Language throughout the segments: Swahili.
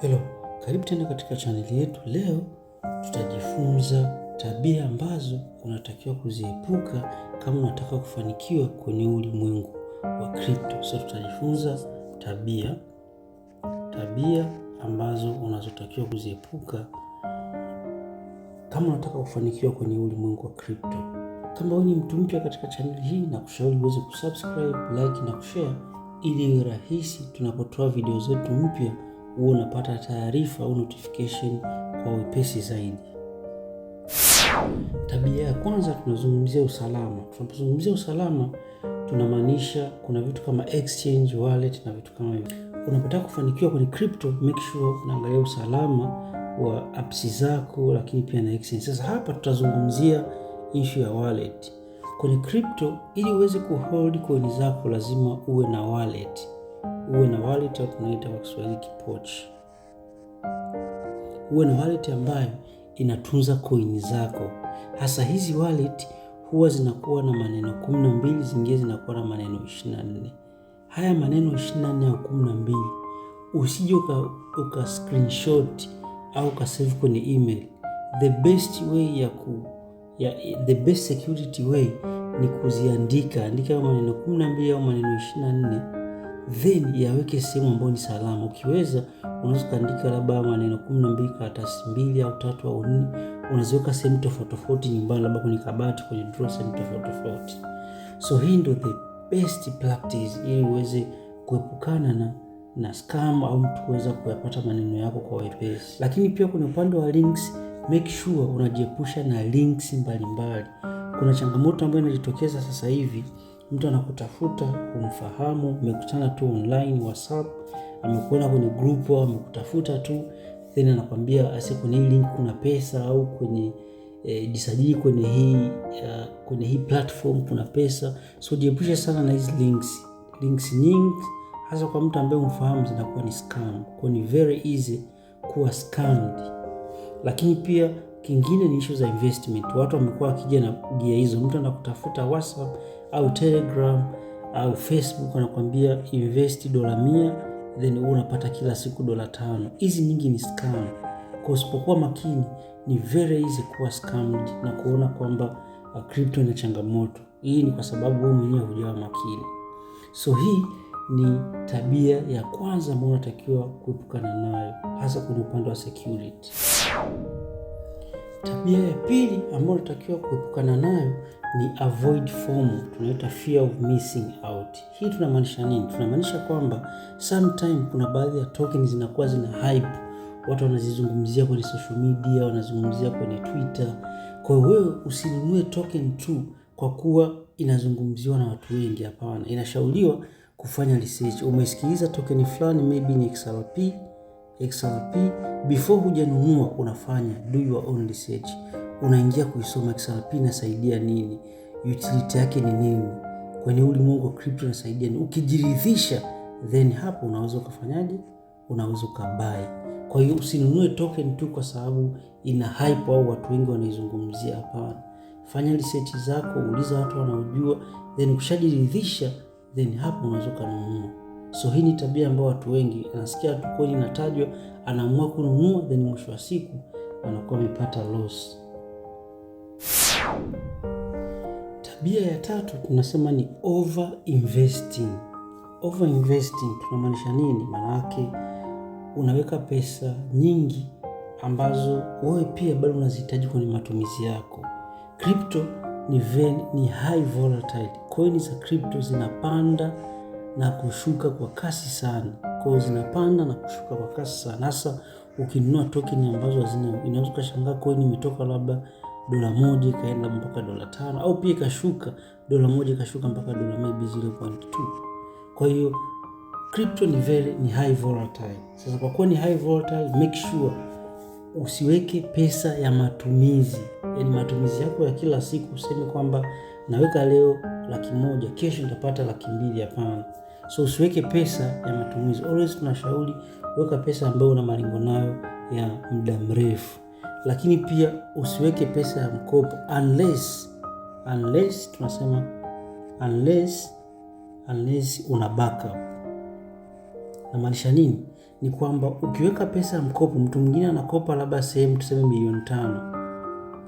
Hello, karibu tena katika chaneli yetu. Leo tutajifunza tabia ambazo unatakiwa kuziepuka kama unataka kufanikiwa kwenye ulimwengu wa crypto. Sasa tutajifunza tabia tabia ambazo unazotakiwa kuziepuka kama unataka kufanikiwa kwenye ulimwengu wa crypto. Kama wewe ni mtu mpya katika chaneli hii, na kushauri uweze kusubscribe, like na kushare ili iwe rahisi tunapotoa video zetu mpya huwa unapata taarifa au notification kwa wepesi zaidi. Tabia ya kwanza tunazungumzia usalama. Tunapozungumzia usalama, tunamaanisha kuna vitu kama exchange, wallet na vitu kama hivyo. Unapotaka kufanikiwa kwenye crypto, make sure unaangalia usalama wa apps zako, lakini pia na exchange. Sasa hapa tutazungumzia issue ya wallet kwenye crypto. Ili uweze kuhold coin zako, lazima uwe na wallet uwe na wallet au tunaita kwa Kiswahili kipochi. Uwe na wallet ambayo inatunza coin zako. Hasa hizi wallet huwa zinakuwa na maneno 12, zingine zinakuwa na maneno 24 Haya maneno 24 au 12 usije uka, uka screenshot au save kwenye email. The best way ya ku, ya, the best security way ni kuziandika andika maneno 12 au maneno 24 then yaweke sehemu ambayo ni salama. Ukiweza unaweza ukaandika labda maneno kumi na mbili karatasi mbili au tatu au nne, unaziweka sehemu tofauti tofauti nyumbani, labda kwenye kabati, kwenye drawer, sehemu tofauti tofauti. So hii ndio the best practice ili uweze kuepukana na na scam au mtu kuweza kuyapata maneno yako kwa wepesi. Lakini pia kwenye upande wa links, make sure unajiepusha na links mbalimbali mbali. Kuna changamoto ambayo inajitokeza sasa hivi mtu anakutafuta kumfahamu, umekutana tu online WhatsApp, amekuona kwenye group au amekutafuta tu then anakwambia asi kwenye hii link kuna pesa au kwenye eh, jisajili kwenye hii uh, kwenye hii platform kuna pesa. So jiepushe sana na hizi links, links nyingi hasa kwa mtu ambaye umfahamu zinakuwa ni scam, kwa ni very easy kuwa scammed. Lakini pia kingine ni issue za investment. Watu wamekuwa wakija na gia hizo, mtu anakutafuta WhatsApp au Telegram au Facebook anakuambia invest dola mia then wewe unapata kila siku dola tano. Hizi nyingi ni scam, kwa usipokuwa makini ni very easy kuwa scammed na kuona kwamba uh, crypto ina changamoto. Hii ni kwa sababu wewe mwenyewe hujawa makini. So hii ni tabia ya kwanza ambayo unatakiwa kuepukana nayo hasa kwenye upande wa security. Tabia ya pili ambayo unatakiwa kuepukana nayo ni avoid FOMO, tunaita fear of missing out. Hii tunamaanisha nini? Tunamaanisha kwamba sometime kuna baadhi ya token zinakuwa zina hype, watu wanazizungumzia kwenye social media, wanazungumzia kwenye Twitter. Kwa hiyo wewe usinunue token tu kwa kuwa inazungumziwa na watu wengi. Hapana, inashauriwa kufanya research. Umesikiliza token fulani, maybe ni XRP XRP before hujanunua, unafanya do your own research, unaingia kuisoma XRP inasaidia nini, utility yake ni nini kwenye ulimwengu wa crypto inasaidia nini. Ukijiridhisha then hapo unaweza ukafanyaje, unaweza ukabai. Kwa hiyo usinunue token tu kwa sababu ina hype au watu wengi wanaizungumzia. Hapana, fanya research zako, uliza watu wanaojua, then ukishajiridhisha then hapo unaweza ukanunua. So hii ni tabia ambayo watu wengi anasikia tu coin inatajwa, anaamua kununua, then mwisho wa siku anakuwa amepata loss. Tabia ya tatu tunasema ni over investing. Over investing tunamaanisha nini? Maana yake unaweka pesa nyingi ambazo wewe pia bado unazihitaji kwenye matumizi yako. Crypto ni, ven, ni high volatile. Coin za crypto zinapanda na kushuka kwa kasi sana, kwa zinapanda na kushuka kwa kasi sana, hasa ukinunua token ambazo hazina. Inaweza ukashangaa coin imetoka labda dola moja ikaenda mpaka dola tano au pia ikashuka dola moja ikashuka mpaka dola maybe 0.2. Kwa hiyo crypto ni very, ni high volatile. Sasa kwa kuwa ni high volatile, make sure usiweke pesa ya matumizi, yani matumizi yako ya kila siku. Useme kwamba naweka leo laki moja, kesho nitapata laki mbili. Hapana. So usiweke pesa ya matumizi. Always tunashauri weka pesa ambayo una malengo nayo ya muda mrefu, lakini pia usiweke pesa ya mkopo unless unless tunasema unless unless una backup. Namaanisha nini? Ni kwamba ukiweka pesa ya mkopo, mtu mwingine anakopa labda sehemu tuseme milioni tano,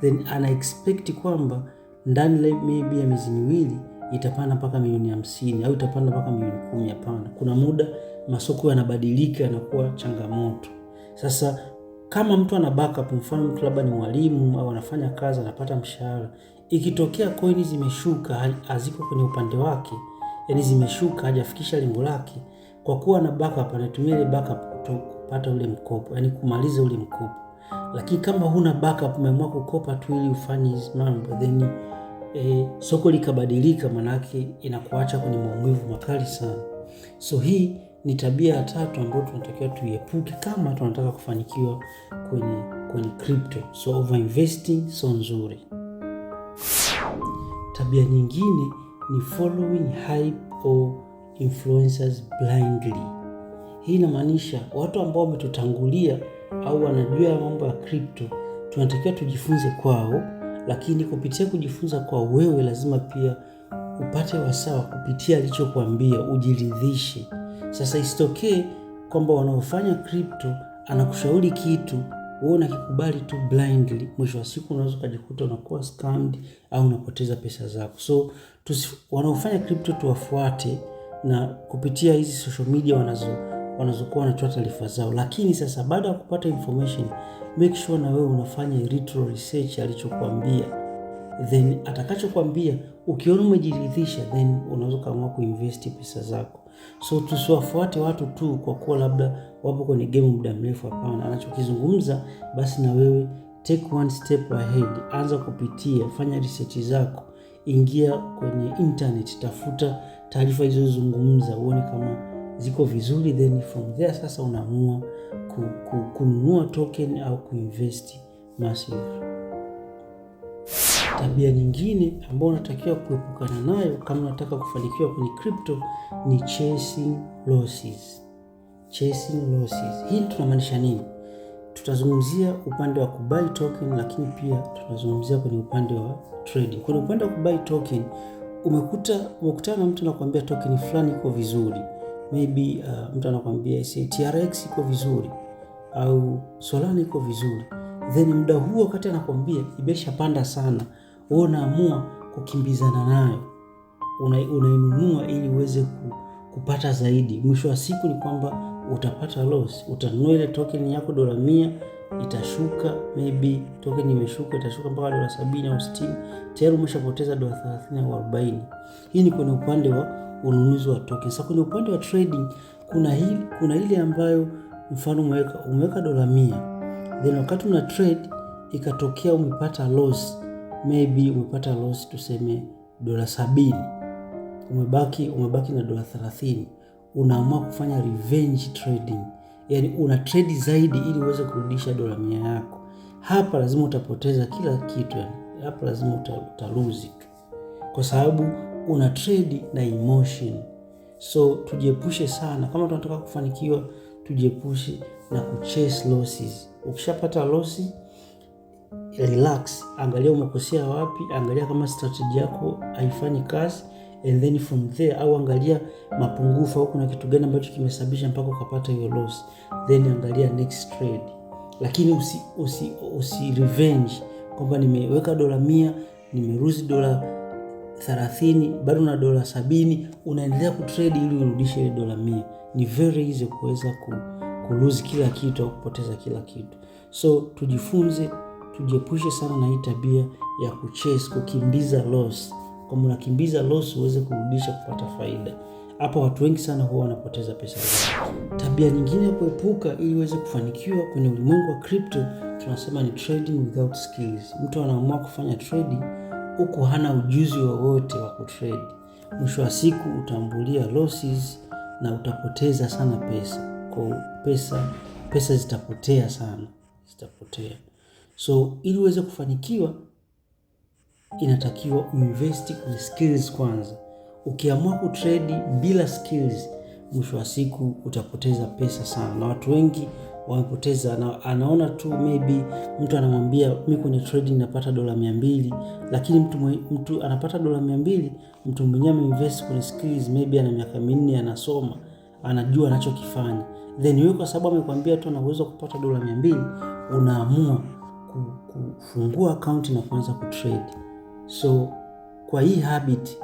then ana expect kwamba ndani maybe ya miezi miwili itapanda mpaka milioni hamsini au itapanda mpaka milioni kumi. Hapana, kuna muda masoko yanabadilika, yanakuwa changamoto. Sasa kama mtu ana backup, mfano mtu labda ni mwalimu au anafanya kazi, anapata mshahara, ikitokea koini zimeshuka, haziko kwenye upande wake, yani zimeshuka, hajafikisha lengo lake, kwa kuwa na backup, anatumia ile backup kupata ule mkopo, yani kumaliza ule mkopo. Lakini kama huna backup, umeamua kukopa tu ili ufanye hizi mambo then e, soko likabadilika, manake inakuacha kwenye maumivu makali sana. So hii ni tabia ya tatu ambayo tunatakiwa tuiepuke kama tunataka kufanikiwa kwenye kwenye crypto. So overinvesting so nzuri. Tabia nyingine ni following hype or influencers blindly. Hii inamaanisha watu ambao wametutangulia au wanajua mambo ya crypto tunatakiwa tujifunze kwao lakini kupitia kujifunza kwa wewe, lazima pia upate wasawa kupitia alichokuambia, ujiridhishe. Sasa isitokee kwamba wanaofanya kripto anakushauri kitu wewe unakikubali tu blindly, mwisho wa siku unaweza ukajikuta unakuwa scammed au unapoteza pesa zako. So wanaofanya kripto tuwafuate na kupitia hizi social media wanazo wanazokuwa wanatoa taarifa zao, lakini sasa baada ya kupata information make sure na wewe unafanya retro research alichokuambia, then atakachokuambia ukiona umejiridhisha, then unaweza kaamua kuinvesti pesa zako. So tusiwafuate watu tu kwa kuwa labda wapo kwenye game muda mrefu. Hapana, anachokizungumza basi na wewe take one step ahead, anza kupitia, fanya research zako, ingia kwenye internet, tafuta taarifa hizo zungumza, uone kama ziko vizuri, then from there sasa unaamua kununua token au kuinvest massive. Tabia nyingine ambayo unatakiwa kuepukana nayo kama unataka kufanikiwa kwenye crypto ni chasing losses. Chasing losses. Hii tunamaanisha nini? Tutazungumzia upande wa kubai token, lakini pia tutazungumzia kwenye upande wa trading. Kwenye upande wa kubai token, umekuta umekutana na mtu anakuambia token fulani iko vizuri, maybe uh, mtu anakuambia TRX iko vizuri au Solana iko vizuri, then muda huo wakati anakwambia imeshapanda sana, wewe unaamua kukimbizana nayo, unainunua ili uweze kupata zaidi. Mwisho wa siku ni kwamba utapata loss, utanunua ile token yako dola mia itashuka maybe token imeshuka itashuka mpaka dola sabini au sitini tayari umeshapoteza dola thelathini au arobaini. Hii ni kwenye upande wa ununuzi wa token. Sasa kwenye upande wa trading kuna hili, kuna ile ambayo mfano umeweka, umeweka dola mia then wakati una trade ikatokea umepata loss, maybe umepata loss tuseme dola sabini, umebaki umebaki na dola thelathini, unaamua kufanya revenge trading, yani una trade zaidi ili uweze kurudisha dola mia yako. Hapa lazima utapoteza kila kitu, yani hapa lazima utaluzi, kwa sababu una trade na emotion. So tujiepushe sana kama tunataka kufanikiwa tujiepushe na kuchase losses. Ukishapata losi, relax, angalia umekosea wapi, angalia kama strategy yako haifanyi kazi and then from there, au angalia mapungufu au kuna kitu gani ambacho kimesababisha mpaka ukapata hiyo loss, then angalia next trade, lakini usi, usi, usi revenge kwamba nimeweka dola mia nimeruzi dola 30 bado na dola sabini, unaendelea kutrade ili urudishe ile dola mia ni very easy kuweza kuluzi kila kitu au kupoteza kila kitu. So tujifunze, tujiepushe sana na hii tabia ya kuchase, kukimbiza loss, kwamba unakimbiza loss uweze kurudisha kupata faida. Hapa watu wengi sana huwa wanapoteza pesa zao. Tabia nyingine ya kuepuka ili uweze kufanikiwa kwenye ulimwengu wa crypto tunasema ni trading without skills. Mtu anaamua kufanya trading huku hana ujuzi wowote wa, wa kutrade. Mwisho wa siku utambulia losses na utapoteza sana pesa kwa pesa, pesa zitapotea sana, zitapotea. So ili uweze kufanikiwa inatakiwa uinvest kwenye skills kwanza. Ukiamua kutredi bila skills, mwisho wa siku utapoteza pesa sana, na watu wengi wamepoteza na anaona tu maybe mtu anamwambia mi kwenye trading napata dola mia mbili lakini mtu, mtu anapata dola mia mbili mtu mwingine ameinvest kwenye skills maybe ana miaka minne anasoma anajua anachokifanya then wewe kwa sababu amekwambia tu anaweza kupata dola mia mbili unaamua kufungua akaunti na kuanza kutrade so kwa hii habit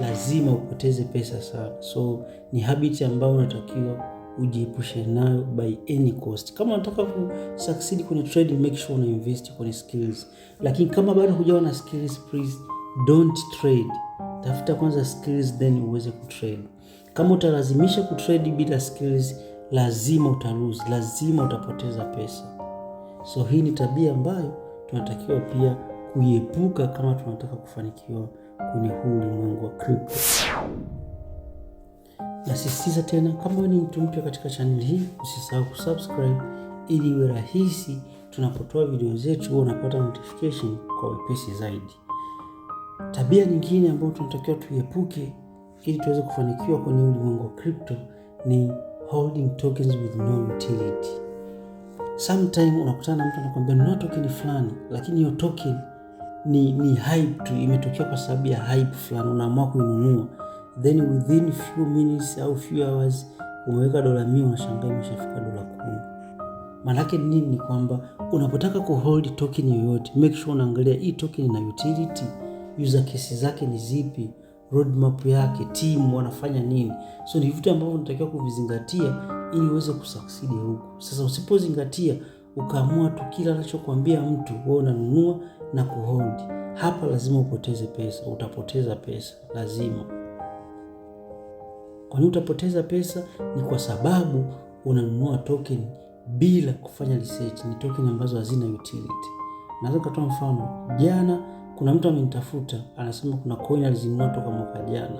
lazima upoteze pesa sana so ni habit ambayo unatakiwa ujiepushe nayo by any cost. Kama unataka ku succeed kwenye trade, make sure una invest kwenye skills, lakini kama bado hujawa na skills, please don't trade. Tafuta kwanza skills then uweze kutrade. Kama utalazimisha kutrade bila skills, lazima utalose, lazima utapoteza pesa. So hii ni tabia ambayo tunatakiwa pia kuiepuka kama tunataka kufanikiwa kwenye huu ulimwengu wa crypto. Nasisitiza tena, kama ni mtu mpya katika chaneli hii, usisahau kusubscribe ili iwe rahisi tunapotoa video zetu, wewe unapata notification kwa wepesi zaidi. Tabia nyingine ambayo tunatakiwa tuiepuke ili tuweze kufanikiwa kwenye ulimwengu wa crypto ni holding tokens with no utility. Sometime unakutana na mtu anakuambia nina token fulani, lakini hiyo token ni, ni hype tu, imetokea kwa sababu ya hype fulani, unaamua kuinunua then within few minutes au few hours umeweka dola mia, unashangaa umeshafika dola kumi. Maanake nini? Ni kwamba unapotaka kuhold token yoyote, make sure unaangalia hii token ina utility, user kesi zake ni zipi, roadmap yake, team wanafanya nini. So ni vitu ambavyo unatakiwa kuvizingatia ili uweze kusucceed huku Sasa usipozingatia ukaamua tu kila anachokuambia mtu wewe unanunua na kuhold, hapa lazima upoteze pesa, utapoteza pesa lazima. Kwa nini utapoteza pesa? Ni kwa sababu unanunua token bila kufanya research. Ni token ambazo hazina utility. Naweza kutoa mfano, jana kuna mtu amenitafuta anasema kuna coin alizinunua toka mwaka jana,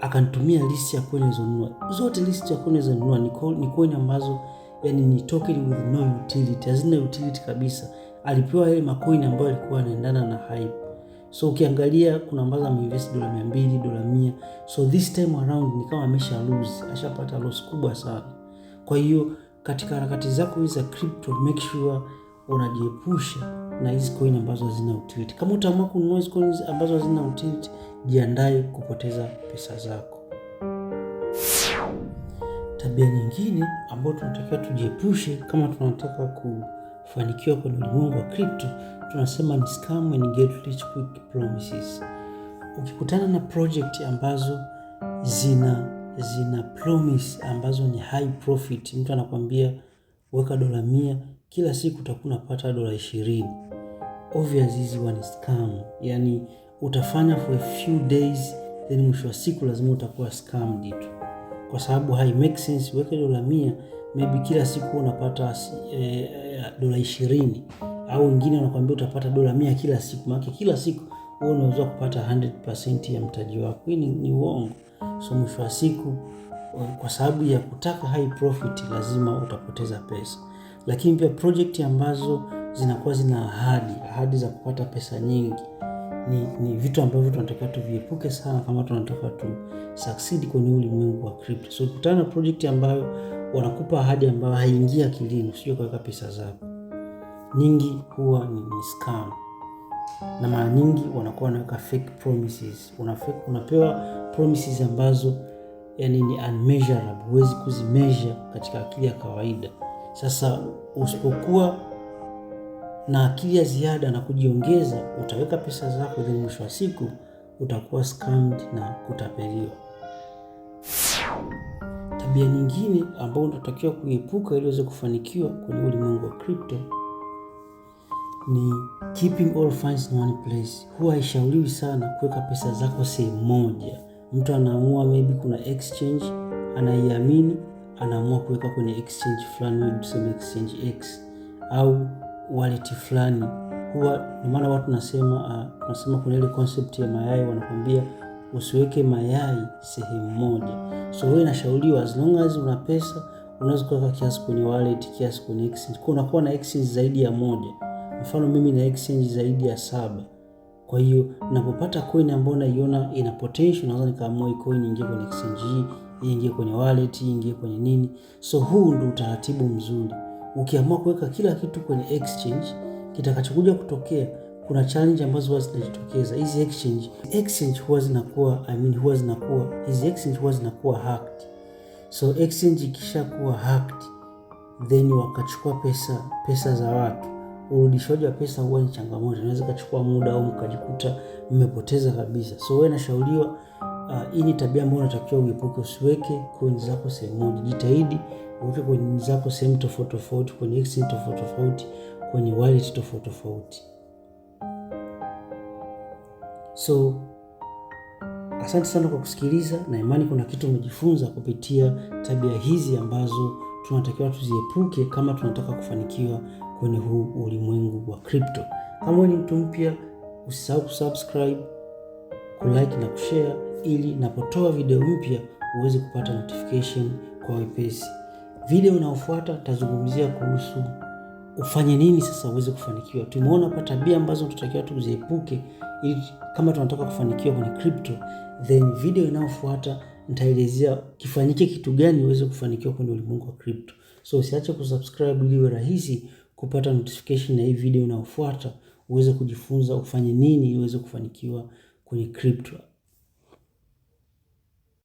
akanitumia list ya coin alizonunua zote. List ya coin alizonunua ni coin ambazo yani ni token with no utility, hazina utility kabisa. Alipewa yale macoin ambayo alikuwa anaendana na hype. So ukiangalia kuna ambazo ameinvest dola mia mbili, dola mia. So this time around ni kama amesha lose, ashapata loss kubwa sana. Kwa hiyo katika harakati zako za crypto make sure unajiepusha na hizi coin ambazo hazina utility. Kama utaamua kununua hizi coins ambazo hazina utility, jiandae kupoteza pesa zako. Tabia nyingine ambayo tunatakiwa tujiepushe kama tunataka kufanikiwa kwenye ulimwengu wa crypto tunasema ni scam and get rich quick promises. Ukikutana na project ambazo zina zina promise ambazo ni high profit, mtu anakwambia weka dola mia kila siku utakuwa unapata dola ishirini. Obviously hizi ni scam, yani utafanya for a few days then mwisho wa siku lazima utakuwa scam tu, kwa sababu hai make sense. Weke dola mia maybe kila siku unapata eh, eh dola ishirini au wengine wanakuambia utapata dola mia kila siku, maana kila siku wewe unaweza kupata 100% ya mtaji wako. Hii ni, ni uongo. So mwisho wa siku, kwa sababu ya kutaka high profit, lazima utapoteza pesa. Lakini pia project ambazo zinakuwa zina ahadi ahadi za kupata pesa nyingi ni, ni vitu ambavyo tunatakiwa tuviepuke sana kama tunataka tu succeed kwenye ulimwengu wa crypto. So kutana na project ambayo wanakupa ahadi ambayo haingia kilini, usije kuweka pesa zako nyingi huwa ni, ni scam na mara nyingi wanakuwa wanaweka fake promises. Una fake, unapewa promises ambazo yani ni unmeasurable, huwezi kuzimeasure katika akili ya kawaida. Sasa usipokuwa na akili ya ziada na kujiongeza, utaweka pesa zako, then mwisho wa siku utakuwa scammed na kutapeliwa. Tabia nyingine ambayo unatakiwa kuepuka ili uweze kufanikiwa kwenye ulimwengu wa crypto ni keeping all funds in one place. Huwa haishauriwi sana kuweka pesa zako sehemu moja. Mtu anaamua maybe kuna exchange anaiamini, anaamua kuweka kwenye exchange fulani, tuseme exchange X au wallet fulani. Huwa ndio maana watu nasema uh, ah, nasema kuna ile concept ya mayai, wanakwambia usiweke mayai sehemu moja. So wewe inashauriwa as long as una pesa unaweza kuweka kiasi kwenye wallet, kiasi kwenye exchange, kwa unakuwa na exchange zaidi ya moja. Mfano mimi na exchange zaidi ya saba. Kwa hiyo ninapopata coin ambayo naiona ina potential, naweza nikaamua hii coin ingie kwenye exchange hii, ingie kwenye wallet, ingie kwenye nini. So huu ndio utaratibu mzuri. Ukiamua kuweka kila kitu kwenye exchange, kitakachokuja kutokea kuna challenge ambazo huwa zinajitokeza. Hizi exchange exchange huwa zinakuwa I mean, huwa zinakuwa hizi exchange huwa zinakuwa hacked. So exchange ikishakuwa hacked, then wakachukua pesa pesa za watu urudishaji wa pesa huwa ni changamoto, inaweza kachukua muda au mkajikuta mmepoteza kabisa. So wewe nashauriwa hii uh, ni tabia ambayo unatakiwa uepuke. Usiweke coin zako sehemu moja, jitahidi uweke coin zako sehemu tofauti tofauti, kwenye exchange tofauti tofauti, kwenye wallet tofauti tofauti. So asante sana kwa kusikiliza, na imani kuna kitu umejifunza kupitia tabia hizi ambazo tunatakiwa tuziepuke kama tunataka kufanikiwa kwenye huu ulimwengu wa crypto. Kama ni mtu mpya, usisahau kusubscribe, kulike na kushare, ili napotoa video mpya uweze kupata notification kwa wepesi. Video inayofuata tazungumzia kuhusu ufanye nini sasa uweze kufanikiwa. Tumeona hapa tabia ambazo tutakiwa tuziepuke ili kama tunataka kufanikiwa kwenye crypto, then video inayofuata nitaelezea kifanyike kitu gani uweze kufanikiwa kwenye ulimwengu wa crypto. So usiache kusubscribe ili iwe rahisi kupata notification na hii video inayofuata, uweze kujifunza ufanye nini ili uweze kufanikiwa kwenye crypto.